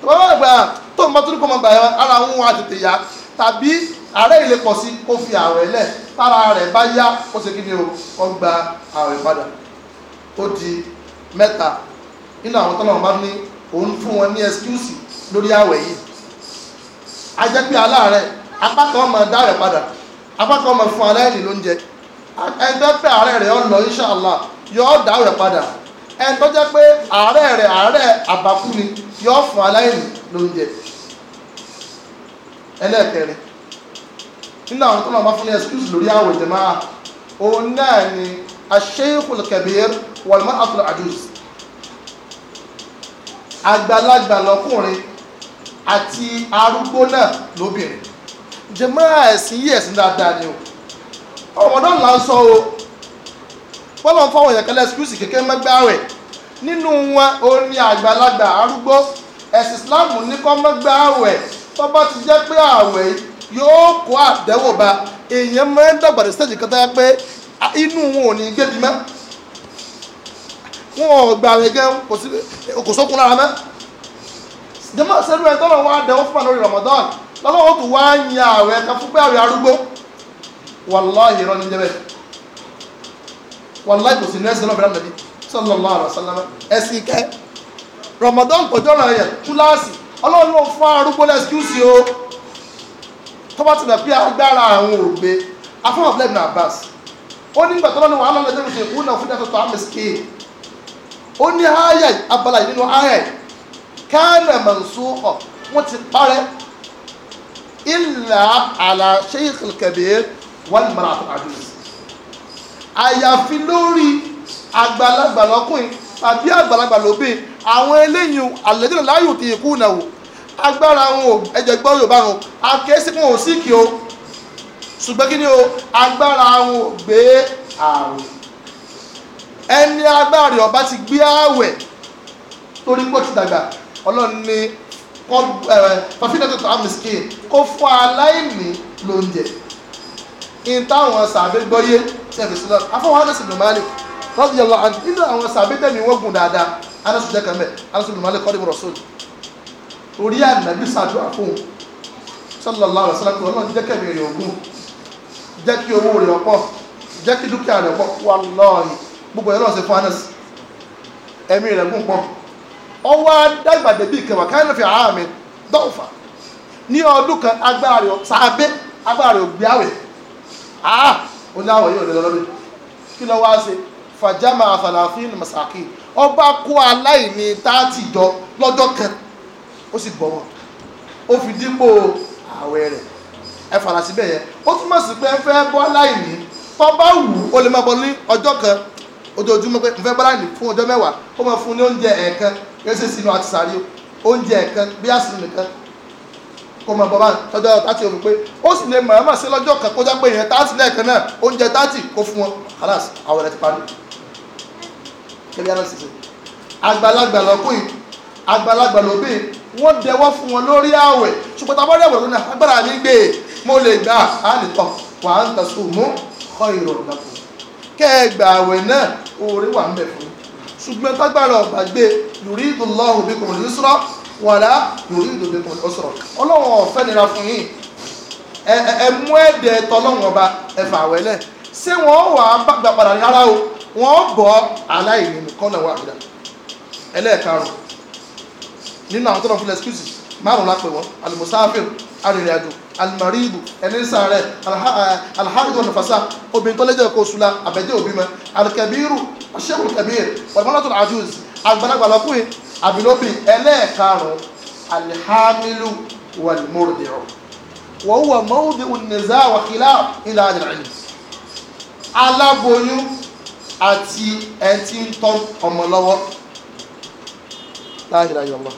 S1: tọ́ba wọn gbà tó ń bá torí kọ́ ọmọ gbà yẹn ara ń wọn àtètè yá tàbí àárẹ̀ ilé pọ̀ sí kó fi àwẹ̀ lẹ̀ tára rẹ̀ bá yá ó ṣe kí ni o ó gba àwẹ̀ padà ó di mẹ́ta nínú àwọn tọ́lọ́wọ́n bá ní òun fún wọn ní ẹsikúùsì lórí àwẹ̀ yìí ajẹ́ pé aláàárẹ̀ apá kan máa dá rẹ̀ padà apákan ọmọ fún aláìní lóúnjẹ ẹni tó pé àárẹ̀ rẹ̀ ọ̀nà inṣàlá yóò dá rẹ̀ padà ẹni tó jẹ́ pé àárẹ̀ rẹ̀ àárẹ̀ àbákú ni yóò fún aláìní lóúnjẹ ẹlẹ́ẹ̀kẹrin nínú àwọn tó máa bá fún ní excuse lórí àwẹ̀ jẹ̀mọ́ à òun náà ni aṣẹ́yìnkù wọ̀lmọ́ àtúlọ̀ àdús àgbàlagbà lọkùnrin àti arúgbó náà lóbìnrin jẹmọ́ ẹ̀sìn yí ẹ̀sìn dáadáa ni o ọmọdún là ń sọ o bọ́lọ̀ fọwọ́ èèyàn kan lẹ́sìkúsì kékeré mẹ́gbàáwẹ̀ nínú wọn ó ní àgbàlagbà arúgbó ẹ̀sìn Islam ní kọ́ mẹ́gbàáwẹ̀ tó bá ti jẹ́ pé àwẹ̀ yóò kó àdẹ́wò ba èèyàn máa ń dàgbà dé stage kan tó yẹ pé inú wọn ò ní gbébi mọ́ wọn ò gbà àwẹ̀ gan kò sókun lára mọ́ jẹmọ́ sẹ́nu ẹ̀ tọ́lọ̀ wọn àdẹ́wò fún àná lórí Ramadan lọ́lọ́wọ́ tó wá ń yan ààrẹ kan fún pé ààrẹ arúgbó wàláhì irọ́ ní jẹ́bẹ̀ wàláhì kò sí ní ẹsẹ̀ lọ́bẹ̀rẹ̀ nàbí sallallahu alaihi wasallam ẹ̀sìn ìkẹ́ Ramadan tọjọ́ náà yẹ túláàsì ọlọ́run ló fún arúgbó lẹ́sìkúsì o tó bá ti bẹ̀ pé agbára àwọn òrùgbé afọ́n ọ̀fẹ́ ibn Abbas ó nígbà tó lọ́nu wàhálà lọ́jọ́ ìṣe ìkú náà fún ẹ̀tọ́ tó àmì skéè ó ní áyà abala nínú áyà kánà mọ̀nsúkọ̀ wọ́n ti parẹ́ illa ala sheikh kabir wal marat aziz àyàfi lórí àgbàlagbà lọ́kùnrin tàbí àgbàlagbà lóbìn àwọn eléyìí àlejò láyò tí ikú náà wò agbára wọn o ẹjẹ gbọ́ yorùbá wọn akẹ́sí fún òun síkì o ṣùgbọ́n kí ni o agbára wọn ò gbé ààrùn ẹni agbára rẹ̀ ọba ti gbé ààwẹ̀ torí pé ó ti dàgbà ọlọ́run ní fàfihàn tó tàà mìsíkì kó fún aláìní lóúnjẹ in táwọn sàbẹ̀ gbọ́yé sẹ́fẹ̀ sílọ afọwọ́ Anas ibn Malik radiyallahu anhu nínú àwọn sàbẹ̀ tẹ̀mí wọ́n gùn dáadáa Anas jẹ́ kan bẹ̀ Anas ibn Malik kọ́ orí ànàbí sàdúrà fún un sallallahu alaihi wasallam ọlọ́run jẹ́ kẹ́mi rẹ̀ ogún jẹ́ kí owó rẹ̀ ọ̀pọ̀ jẹ́ kí dúkìá rẹ̀ ọ̀pọ̀ wallahi gbogbo ẹ̀rọ ọ̀sẹ̀ fún Anas ẹ̀mí rẹ̀ gùn pọ̀ ọwọ́ dàgbà dẹ̀bí ìkẹwà káyọ̀ fi àárá mi dọ́ọ̀fà ní ọdún kan agbára rẹ̀ sàbẹ́ agbára rẹ̀ ògbé àwẹ̀ àá oníwàwọ̀ yóò lè lọ́dún kí lọ́wọ́ wá ṣe fàjámà àfàlàfín màsàkì ọba kó aláìní táàtì jọ lọ́jọ́ kan ó sì bọ̀ wọn ó fi dípò àwẹ̀ rẹ̀ ẹ fara síbẹ̀ yẹn ó túmọ̀ sí pé ẹ fẹ́ bọ́ aláìní tó bá wù ó lè máa bọ́ ní ọjọ́ kan ojoojúmọ́ pé n fẹ́ bọ́ aláìní fún ọjọ́ mẹ́wàá ó máa fún ní oúnjẹ ẹ̀ẹ̀kan kéṣe sínú àti sàárì oúnjẹ kan bí àsìlè nìkan kò mọ̀ bọ́bá tọ́jọ́ tátì òfin pé ó sì lè mọ̀ ẹ́mọ̀ sí lọ́jọ́ kan kó já pé èèyàn tátì lẹ́ẹ̀kan náà oúnjẹ tátì kó fún wọn kálàsì àwọn ẹ̀rẹ́ ti parí kébí àná sì ṣe àgbàlagbà lọ́kùnrin àgbàlagbà lóbìn wọ́n dẹwọ́ fún wọn lórí ààwẹ̀ ṣùgbọ́n tá a bá dẹ̀wọ̀ lónìí agbára mi gbé e mo lè gbà á nìkan wà á ń tẹ̀sùn mú kọ́ ìrọ̀lọ́kùn kẹ́ ẹ gbà ààwẹ̀ náà oore wà ń bẹ̀ fún ṣùgbọ́n tágbára ọ̀gbà gbé yuridu Allahu bikumul yusra wala yuridu bikumul usra ọlọ́run ọ̀fẹ́ nira fún yín ẹ mú ẹ̀dẹ̀ tọ́lọ́run ọba ẹ̀fà àwẹ̀lẹ̀ ṣé wà á gbà padà rárá o nínú àwọn tó lọ fún lẹ́skúsì márùn-ún lápẹ̀ wọ́n arìnrìnàjò alimaribu ẹnisàrẹ alihaidu ọ̀nàfàṣà obìnrin tó lẹ́jọ́ ẹ̀kọ́ sula àbẹ̀jẹ́ òbí mọ́ alikabiru aṣẹ́kùn kabir wàlúmọ́lọ́tún ajuz àgbàlagbà lọ́kùnrin àbílóbì ẹlẹ́ẹ̀karùn alihamilu wàlúmọ́rọ̀dẹ̀rọ̀ wọ́n wà mọ́wùdí oníza wàkílá ilà àdìrẹ́lì aláboyún àti ẹtí ń tọ́ ọmọ lọ́wọ́ láàrin ayọ̀lá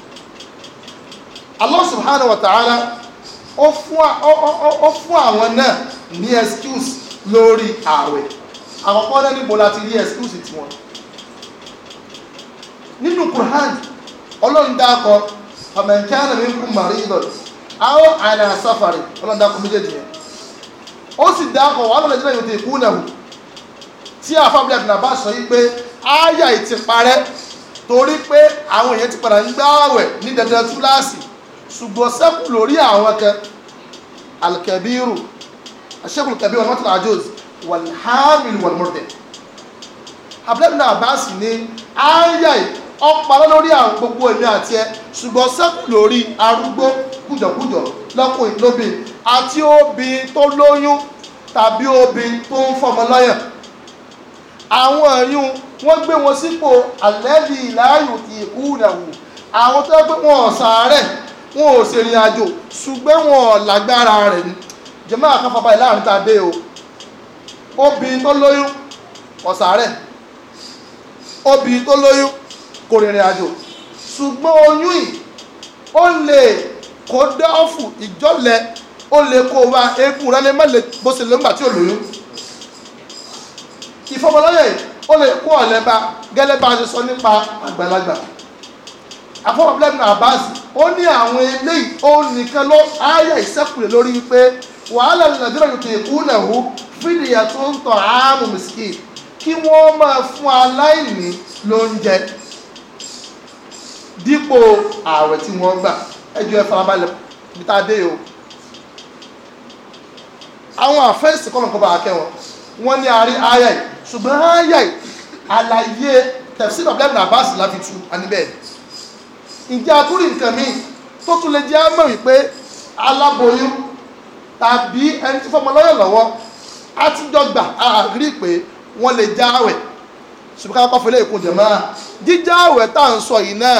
S1: Allah subhanahu wa ta'ala ó fún àwọn náà ní excuse lórí ààwẹ̀ àkọ́kọ́ náà níbo láti rí excuse tiwọn nínú Qur'an ọlọ́run ọmọkẹ́rin mi kú maridot àwọn àìlànà sáfàrí ọlọ́run méjèèjì yẹn ó sì dákọ wà lọ́nà ìjọba ìwòtè ìkú náà tí àfábílẹ̀ àbínàbá sọ yí pé ìtìparẹ́ torí pé àwọn èèyàn ti padà ń ṣùgbọ́n sẹ́kù lórí àwọn kan alkabiru aṣẹ́kùn kabiru wọn mọ́tàlá àjòz wàlhámìlì wàlmọ́dẹ̀ abúlẹ́bí náà bá sì ní ayé ọpọlọ lórí àwọn gbogbo èmi àti ẹ ṣùgbọ́n sẹ́kù lórí arúgbó kùjọkùjọ lọ́kùnrin lóbi àti obìnrin tó lóyún tàbí obìnrin tó ń fọmọ lọ́yàn àwọn ẹ̀yún wọ́n gbé wọn sípò àlẹ́bí ìlàyò kìí àwọn tó gbé wọn ọ̀sán rẹ̀ wọn ò ṣe ìrìn àjò ṣùgbọ́n wọn ò lágbára rẹ̀ ni jẹ́mọ́ àkàfàbà ìlàrin tàbí o obìnrin tó lóyún ọ̀sàrẹ̀ obìnrin tó lóyún kò rìnrìn àjò ṣùgbọ́n oyún yìí ó lè kó dọ́ọ̀fù ìjọ́lẹ̀ ó lè kó wa eégún rẹ̀ lè má lè bó ṣe tí ò lóyún ó lè kó ọ̀lẹ́ba ṣe sọ nípa àgbàlagbà àfọwọ́pẹ́lẹ́mù àbáàsì ó ní àwọn eléyìí ó nìkan ló ááyà ìsẹ́kùlẹ̀ lórí wípé wàhálà nàìjíríà yòókè ìkúnlẹ̀hún fídíyà tó ń tọ̀ áàmù mìsíkì kí wọ́n máa fún aláìní lóúnjẹ dípò ààwẹ̀ tí wọ́n gbà ẹjọ́ ẹ farabalẹ̀ dé o àwọn àfẹ́sì kọ́nàkọ́bà akẹ́wọ̀n wọ́n ní àárín ááyà yìí ṣùgbọ́n ááyà yìí àlàyé tafsir Abdullah Abbas láfi tu àníbẹ̀ẹ́ ìjẹ́ atúrì nǹkan míì tó tún lè jẹ́ mọ̀ wípé aláboyún tàbí ẹni tí fọmọ lọ́yọ̀ lọ́wọ́ á ti dọ́gba àgírí pé wọ́n lè jáwẹ̀ ṣùgbọ́n ká kọ́fẹ́lẹ́ ìkún jẹ̀mọ́ jíjáwẹ̀ tá à ń sọ yìí náà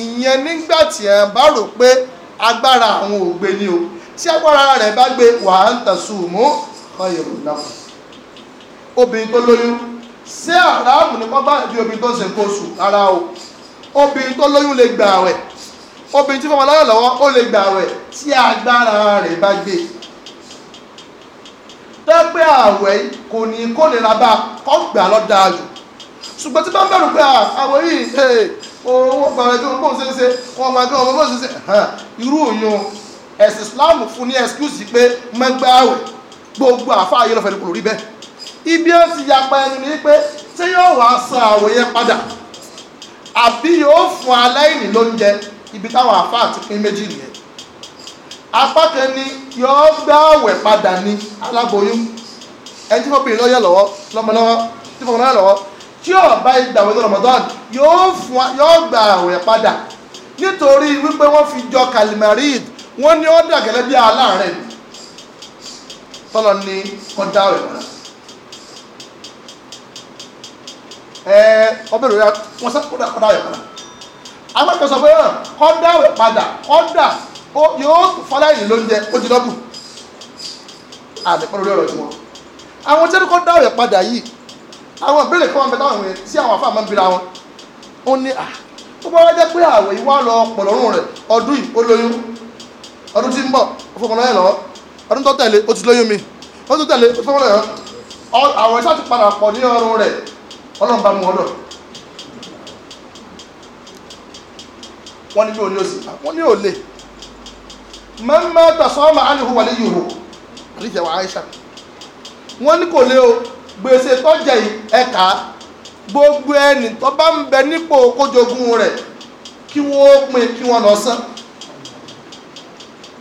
S1: ìyẹn nígbà tí ẹ̀ ń bá rò pé agbára àwọn ò gbé ni o tí agbára rẹ̀ bá gbé wà á ń tẹ̀sùn mú ọyẹ̀wò náà obìnrin tó lóyún ṣé àràmù ni wọ́n bá obìnrin tó ń ṣe nǹkan rárá o obìnrin tó lóyún lè gbà àwẹ̀ obìnrin tí fọmọ lọ́yọ̀ lọ́wọ́ ó lè gbà àwẹ̀ tí agbára rẹ̀ bá gbé tẹ́gbẹ́ àwẹ̀ kò ní kó nira bá kọ́ gbà lọ́dà jù ṣùgbọ́n tí bá ń bẹ̀rù pé àwẹ̀ yìí owó gbàwẹ̀ kí ọmọ ṣe ṣe wọn máa kí ọmọ bó ṣe ṣe irú òyìn ẹ̀sìn Islam fún ní excuse pé mẹ́gbẹ́ àwẹ̀ gbogbo àfa ayélujára kò rí bẹ́ẹ̀ ibi ó ti yapa ẹnu ni pé ṣé yóò wá san àwẹ̀ yẹn padà àbí yóò fún aláìní lóúnjẹ ibi táwọn àáfàá ti pín méjì nìyẹn apá kan ni yóò gbá àwẹ̀ padà ní aláboyún ẹni tí fọ́pìnrin lọ́yẹ̀ lọ́wọ́ lọ́mọlọ́wọ́ tí fọ́pìnrin lọ́yẹ̀ lọ́wọ́ tí yóò bá ìgbàwé tó Ramadan yóò fún yóò gba àwẹ̀ padà nítorí wípé wọ́n fi jọ kalimarid wọ́n ní ó dà gẹ́gẹ́ bí aláàárẹ̀ tọ́lọ ní kọjá àwẹ̀ padà. ẹ ọbẹ̀ lórí wọn sá kódà kódà yọ padà amákẹ́ sọ pé kódà yọ padà kódà yóò fọláyìn lóúnjẹ ó ti dọ́bù àdìpọ̀ lórí ọ̀rọ̀ ìwọ̀n àwọn tí kódà yọ padà yìí àwọn ìbéèrè kan bẹ táwọn èèyàn sí àwọn afá ń bira wọn ó ní à ó bá wá pé àwẹ̀ ìwá lọ pọ̀lọ́rùn rẹ̀ ọdún yìí ó lóyún ọdún tí ń bọ̀ ó fọkàn lọ́yẹ̀ ọdún tó tẹ̀lé ó ti lóyún mi ọdún tó tẹ̀lé ó ti fọkàn lọ́yẹ̀ àwọn ìṣàtìpadà pọ̀ ní ọrùn rẹ̀ ọlọ́run bá mú wọn lọ wọ́n ní bí òní òsì wọ́n ní òlè mẹ́mẹ́ tàṣọ́mà ánìhù wà léyìí hù àríjẹ̀ wà Aisha wọ́n ní kò o gbèsè tọ́jẹ̀ ẹ̀ka gbogbo ẹni tó bá ń bẹ nípò kójogún rẹ̀ kí wọ́n pin kí wọ́n lọ sán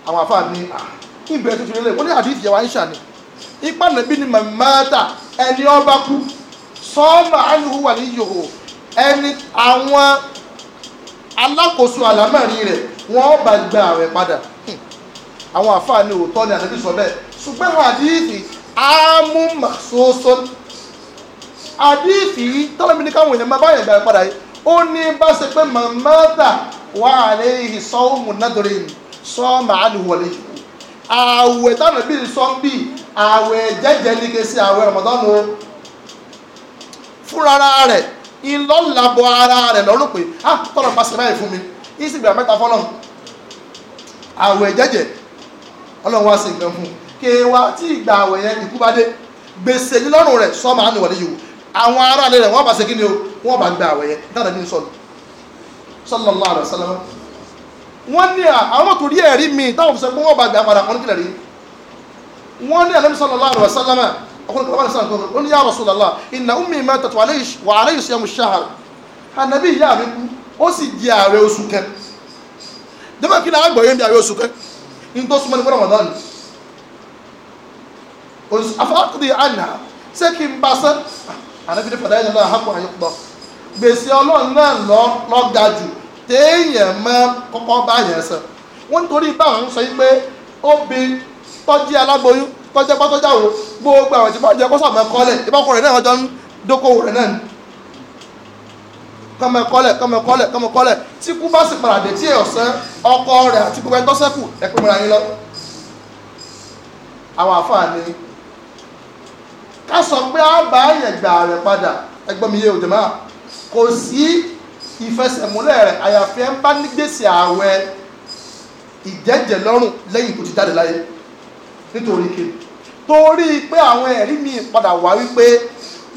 S1: àwọn ìbẹ̀rẹ̀ tuntun wọ́n ní àríjẹ̀ wà ni nàbí ni sọ́ọ̀mà ánìhù wà ní yòhò ẹni àwọn alákòóso àlámọ̀rí rẹ̀ wọ́n bá gba àwẹ̀ padà hmm. àwọn àfáà ní òótọ́ ni ànábì sọ bẹ́ẹ̀ ṣùgbọ́n àdífì ámú màṣóṣó àdífì tọ́lọ́mí ní káwọn èèyàn máa bá yẹn gba àwẹ̀ padà yìí ó ní bá ṣe pé màmáta wà ní ìsọ́ọ̀mù nádòrè sọ́ọ̀mà ánìhù wà ní yòhò àwẹ̀ tánàbí sọ́ọ̀bì àwẹ̀ jẹ́jẹ́ ní kesi àwẹ̀ Ramadan fúnra rẹ̀ ìlọ́làbọ̀ ara rẹ̀ lọ́rùn pé ah tọ́lọ̀ pàṣẹ báyìí fún mi ìsìgbà mẹ́ta fọ́lọ́ àwẹ̀ jẹ́jẹ́ ọlọ́run wá sí nǹkan fún kí wá tí ìgbà àwẹ̀ yẹn ikú bá dé gbèsè ní lọ́rùn rẹ̀ sọ́mà á nìwọ̀lẹ́ yìí àwọn ará rẹ̀ wọ́n bá ṣe kí ni o wọ́n bá gba àwẹ̀ yẹn dáadáa ní sọ́nù sallallahu alaihi wasallam wọ́n ní àwọn tó rí ẹ̀rí mi táwọn sọ pé wọ́n bá gba padà wọ́n ní kí ọkùnrin kan bá sàn kan ó ní yá Rasulullah inna ummi matat wa alayhi siyamu shahr ànàbí ìyá mi kú ó sì di ààrẹ oṣù kan dẹ́gbẹ́ kí lára gbọ̀yẹ́ ń di ààrẹ oṣù kan ní tó súnmọ́ ní pẹ́rọ mọ̀dánù afọ́kùnrin àná ṣé kí n bá sán ànàbí ní fàdáyé náà hapò àyíkpọ̀ gbèsè ọlọ́run náà lọ lọ́ga jù téèyàn mọ́ kọ́kọ́ bá yẹn sàn wọ́n torí báwọn ń sọ yí pé ó bi tọ́jú aláboyún tọ́jẹ́ pátọ́já wo gbogbo àwọn ìtìpá jẹ́ kọ́sàmọ́ ẹ̀kọ́lẹ̀ ìbákùnrin náà ọjọ́ ń dókòwò rẹ̀ náà kọ́mọ ẹ̀kọ́lẹ̀ kọ́mọ ẹ̀kọ́lẹ̀ kọ́mọ ẹ̀kọ́lẹ̀ tí kú bá sì paradé tí ọ̀sán ọkọ rẹ̀ àti gbogbo ẹni tó ṣẹ́kù ẹ̀pẹ́ mọ́ra yín lọ. àwọn àfáà ni ká sọ pé a bá ẹ̀gbà rẹ̀ padà ẹgbọ́n mi yé òjò máa kò sí ìfẹsẹ̀múlẹ̀ rẹ̀ àyàfi ẹ̀ ń bá nígbèsè ààwẹ̀ ìjẹ́jẹ̀ lọ́rùn lẹ́yìn tó ti jáde láyé nítorí kí torí pé àwọn ẹ̀rí mi padà wá wípé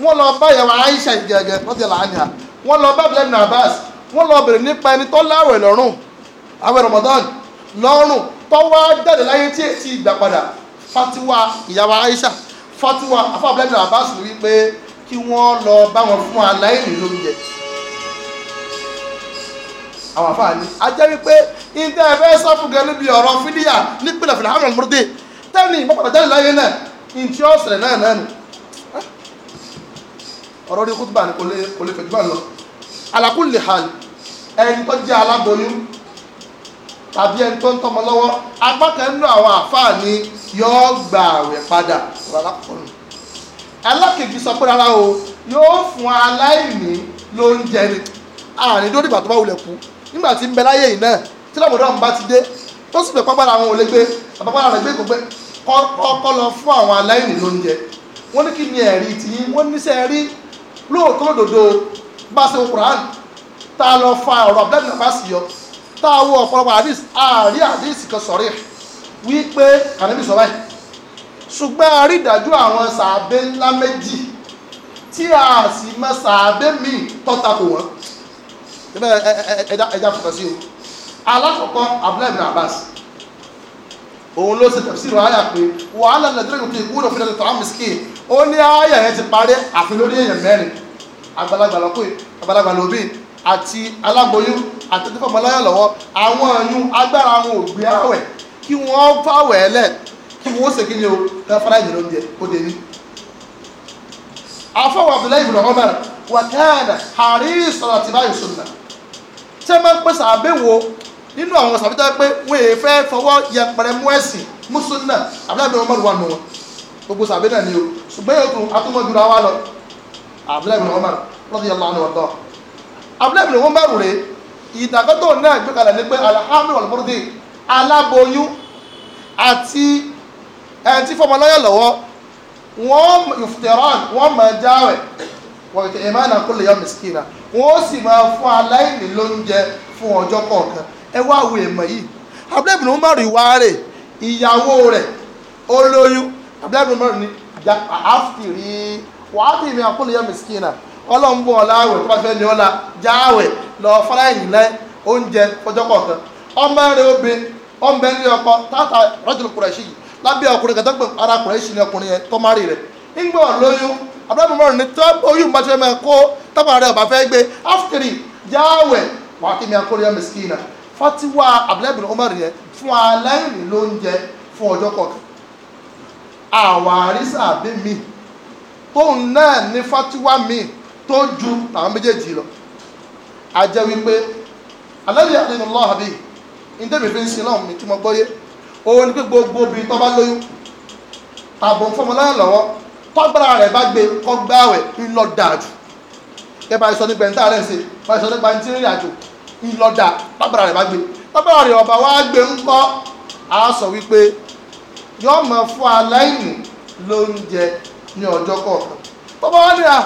S1: wọ́n lọ bá yẹ̀wò Aisha gẹ̀gẹ̀ lọ́sẹ̀ láàánìá wọ́n lọ bá Abdullahi Abbas wọ́n lọ bèrè nípa ẹni tó láwẹ̀ lọ́rùn àwẹ̀ Ramadan lọ́rùn tó wá jáde láyé tí èsì ìgbà padà fatiwa ìyàwó Aisha fatiwa afọ Abdullahi Abbas wípé kí wọ́n lọ bá wọn fún aláìní lóúnjẹ àwọn àfáà ni a jẹ́ wípé ìdá ẹ̀fẹ́ sọ́fù gẹ́lú bí ọ̀rọ̀ fídíà nípìnlẹ̀ fìlà tẹ́ni ìmọ̀pàdà jáde láyé náà ntí ọ̀sẹ̀ náà náà nù ọ̀rọ̀ orí kútùbà ni kò lè fẹ̀jú bá lọ alákùnlé hàn ẹni tó jẹ́ aláboyún tàbí ẹni tó ń tọmọ lọ́wọ́ agbákẹ́nu àwọn àfáà ni yóò gbà rẹ̀ padà rárákùnrin alákejì sọ pé rárá o yóò fún aláìní lóúnjẹ ni àárín dórí ìgbà tó bá wulẹ̀ kú nígbà tí ń bẹ láyé yìí náà tí lọ́mọdé ọ̀hún bá ti dé tó sì pé pápára àwọn olè gbé àpapára rẹ̀ gbé kò pé kọ́kọ́ lọ fún àwọn aláìní lóúnjẹ wọ́n ní kí ni ẹ̀rí tí wọ́n níṣẹ́ rí lóòótọ́ lódodo bá ṣe Kùránì tá a lọ fa ọ̀rọ̀ abdul nabas yọ tá a wo ọ̀pọ̀lọpọ̀ àdìs àárí àdìs kan sọ̀rí wípé kànábì sọ báyìí ṣùgbọ́n a rí ìdájú àwọn sàábé ńlá méjì tí a sì mọ sàábé míì tọ́ta kò wọ́n ẹja fọkàn sí o alákọ̀ọ́kọ́ abdullahi bin abbas òun ló ṣe tafsir àyà pé wàhálà nàìjíríà kò kú lọ fi lọ́dọ̀ tó á miskin ó ní àyà yẹn ti parí àfi lórí èèyàn mẹ́rin àgbàlagbà lọ́kùnrin àgbàlagbà lóbìn àti aláboyún àti tó fọmọ lọ́yà lọ́wọ́ àwọn ẹ̀yún agbára àwọn ògbé àwẹ̀ kí wọ́n fàwẹ̀ ẹlẹ̀ kí wọ́n ṣe kí ni o lọ́fàrà ìdè ń jẹ kó dé ní. afọwọ́ abdullahi ibn nínú àwọn sàbítà pé wọ́n èè fẹ́ fọwọ́ yẹpẹrẹ mú ẹ̀sìn mùsùlùmí abúlé ọmọ ìwà nù wọn gbogbo sàbí náà ni o ṣùgbọ́n yóò tún atúmọ̀jú ra wa lọ abúlé ọmọ ìwà radiyallahu anhu ọ̀dọ́ abúlé ọmọ ìwà rèé ìdàgbàtọ̀ náà gbé kalẹ̀ ní pé alhamdu alhamdu aláboyún àti ẹni tí fọmọ lọ́yọ̀ lọ́wọ́ wọ́n ìfìtẹ̀rán wọ́n máa jáwẹ̀ wọ́n ìtẹ̀ ìmáà náà kulli yawm miskina wọ́n sì máa fún aláìní lóúnjẹ fún ọjọ́ kọ̀ọ̀kan ẹ wá wo èèmọ̀ yìí abúlébù ní mọ̀rù ìwà rẹ̀ ìyàwó rẹ̀ olóyún abúlébù ní mọ̀rù ní àfìrí wàá fi mi àkúlù yẹ mìsíkìnà ọlọ́run bọ̀ láwẹ̀ tó bá fẹ́ ní ọ̀la jáwẹ̀ lọ fọláyìn lẹ́ oúnjẹ fọjọ́ kọ̀ọ̀kan ọmọ rẹ̀ obìnrin ọmọ ẹni ọkọ tààtà rọ́jòlù kùrẹ́ṣì yìí lábẹ́ ọkùnrin kẹtọ́ pé ara kùrẹ́ṣì ni ọkùnrin yẹn tó má rí rẹ̀ ńgbọ́ lóyún abúlébù mọ̀rù ní tó oyún bá ti fẹ́ mẹ́ kó tọ́pọ̀ rẹ̀ ọ̀bá fẹ́ gbé áfítírì jáwẹ̀ wàá fi mi àkúlù fatiwa abdulabin umar yẹn fún aláìní ló ń jẹ fún ọjọ́ kọ̀ọ̀kan àwọn àrísà bí mi tóun náà ní fatiwa mi tó ju tàwọn méjèèjì lọ a jẹ́ wípé aláìní àdínú lọ́hàbí ìdẹ́bí fi ń sin náà mi tí mo gbọ́yé òun ni pé gbogbo obìnrin tó bá lóyún tàbọ̀ fọmọ náà lọ́wọ́ tọ́gbàrà rẹ̀ bá gbé kọ́gbà rẹ̀ ńlọ dáa jù kẹ́ bá sọ nípa ẹ̀ńtà rẹ̀ ṣe bá sọ nípa ẹ̀ńtì rìn àjò ńlọ́jà lágbára rẹ̀ bá gbé lágbára rẹ̀ ọba wá gbé ń kọ́ a sọ wípé yóò máa fún aláìní lóúnjẹ ní ọjọ́ kọ̀ọ̀kan bọ́bá wá nira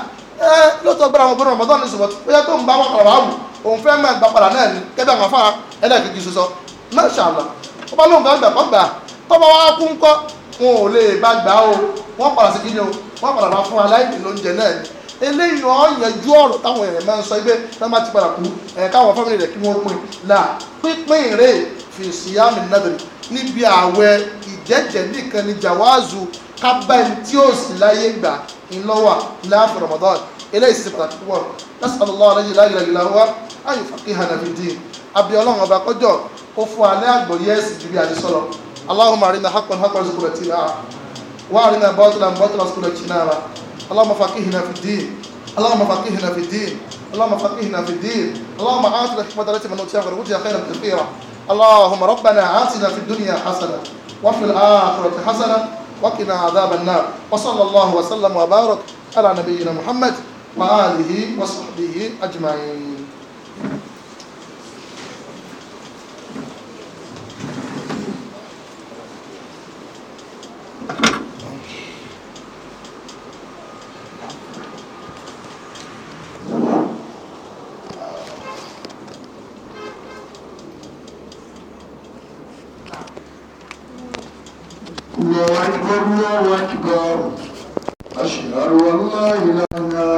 S1: ẹ lóòótọ́ gbára wọn bọ́dọ̀ ọmọdé ọ̀nìṣòwò bóyá tó ń bá wọn kọ̀ọ̀rọ̀ wáwù òun fẹ́ máa gbà padà náà ní kẹ́bí àwọn afárá ẹlẹ́ẹ̀kejì sọsọ náà ṣàlà bọ́bá lóun fẹ́ gbà kọ́ gbà tọ́bọ̀ wá kú ń wọn ò lè bá gbà o wọ́n padà sí kí ni o wọ́n padà bá fún aláìní lóúnjẹ náà ní eléyìí ọ̀ yanjú ọ̀rọ̀ táwọn èèyàn máa ń sọ pé wọ́n máa ti padà kú ẹ̀ káwọn fámìlì rẹ̀ kí wọ́n pin là pínpín rè fèsì àmì nàdìrì níbi ààwẹ̀ ìjẹ́jẹ́ nìkan ni jàwáàzù kábà ẹni tí ó sì láyé gbà ńlọ́wà láàfin Ramadan eléyìí sì pàtàkì púpọ̀ lọ́sàlọ́lá ọ̀rẹ́jì láyìlá wa ayò fàkíhànà fìdí àbí ọlọ́run ọba kọjọ́ ó fún alẹ́ اللهم فقهنا في الدين اللهم فقهنا في الدين اللهم فقهنا في الدين اللهم عاتنا في التي من أوتيها غير خيرا كثيرا اللهم ربنا آتنا في الدنيا حسنة وفي الآخرة حسنة وقنا عذاب النار وصلى الله وسلم وبارك على نبينا محمد وآله وصحبه أجمعين Thank you. النار